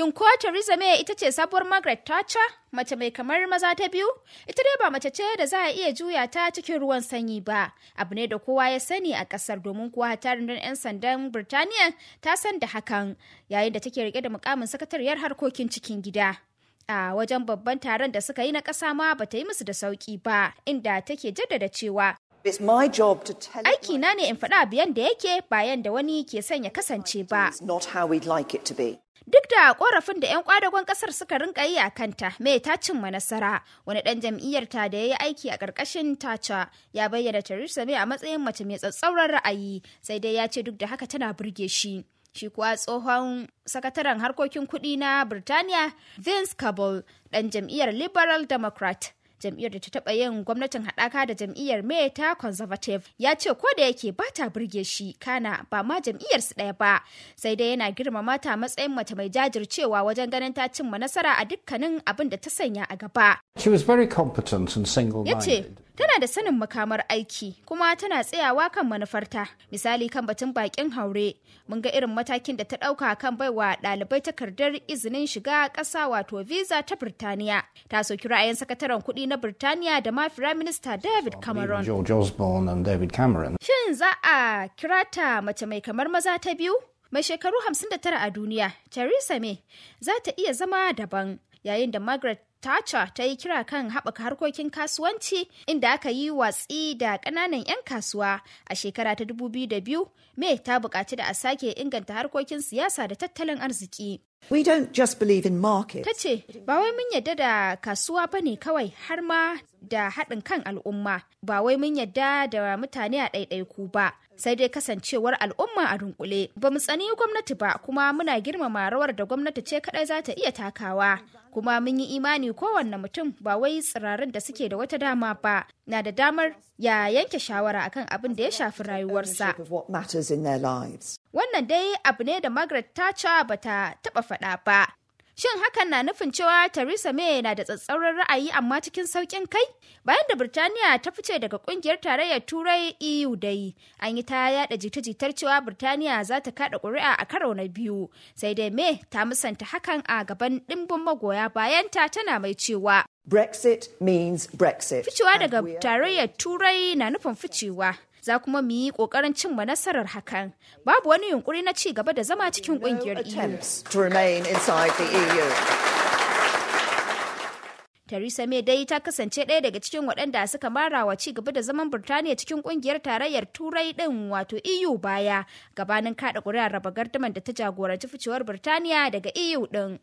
Shin ko Theresa May ita ce sabuwar Margaret Thatcher, mace mai kamar maza ta biyu? Ita dai ba mace ce da za a iya juya ta cikin ruwan sanyi ba. Abu ne da kowa ya sani a kasar domin kuwa hatarin 'yan sandan Birtaniya ta san da hakan, yayin da take rike da mukamin sakatariyar harkokin cikin gida. a wajen babban taron da suka yi na ƙasa ma ba ta yi musu da sauƙi ba inda take jaddada cewa aiki na ne in faɗa biyan da yake bayan da wani ke son ya kasance ba. Duk da korafin da 'yan kwadagon kasar suka rinka yi a kanta, mai ta cimma nasara. Wani ɗan jam'iyyar ta da ya yi aiki a ƙarƙashin taca ya bayyana Theresa May a matsayin mace mai tsatsauran ra'ayi, sai dai ya ce duk da haka tana burge shi. Shi kuwa tsohon sakataren harkokin kuɗi na Birtaniya, Vince Cable, ɗan jam'iyyar Liberal Democrat, jam'iyyar da ta taɓa yin gwamnatin haɗaka da jam'iyyar mai ta Conservative ya ce ko da yake ba ta burge shi kana ba ma jam'iyyar su ɗaya ba sai dai yana girmama ta matsayin mace mai jajircewa wajen ganin ta cimma nasara a dukkanin abin da ta sanya a gaba. She was tana da sanin makamar aiki kuma tana tsayawa kan manufarta misali kan batun bakin haure mun ga irin matakin da ta ɗauka kan baiwa dalibai takardar izinin shiga ƙasa wato visa ta birtaniya ta soki ra'ayin sakataren kuɗi na birtaniya da ma firaminista david cameron shin za a kira ta mace mai kamar maza ta biyu mai shekaru 59 a duniya theresa may za ta iya zama daban yayin da margaret Tacha ta yi kira kan haɓaka harkokin kasuwanci inda aka yi watsi da ƙananan 'yan kasuwa a shekara ta 2002 mai ta buƙaci da a sake inganta harkokin siyasa da tattalin arziki. We don't just believe in market. Ta ce, ba wai mun yadda da kasuwa bane kawai har ma da haɗin kan al'umma ba wai mun yadda da mutane a ɗaiɗaiku ba sai dai kasancewar al'umma a dunkule ba mu tsani gwamnati ba kuma muna girmama rawar da gwamnati ce kaɗai za ta iya takawa kuma mun yi imani kowanne mutum ba wai tsirarin da suke da wata dama ba na da damar ya yanke shawara akan abin da ya shafi rayuwarsa. Wannan dai abu ne da Margaret Thatcher bata taɓa faɗa ba, Shin hakan na nufin cewa Theresa May na da tsatsauran ra'ayi amma cikin sauƙin kai? Bayan da Birtaniya ta fice daga ƙungiyar tarayyar Turai EU dai, an yi ta yaɗa jita-jitar cewa Birtaniya za ta kaɗa ƙuri'a a karo na biyu, sai dai May ta musanta hakan a gaban ɗimbin magoya bayanta tana mai cewa. Brexit means Brexit. Ficewa daga tarayyar Turai na nufin ficewa. za kuma mu yi kokarin cimma nasarar hakan. Babu wani yunkuri na ci gaba da zama cikin kungiyar EU. E Theresa May dai ta kasance ɗaya daga cikin waɗanda suka mara wa ci gaba da zaman Birtaniya cikin kungiyar tarayyar Turai ɗin wato EU baya gabanin kaɗa ƙuri'ar raba gardaman da ta jagoranci ficewar Birtaniya daga EU ɗin.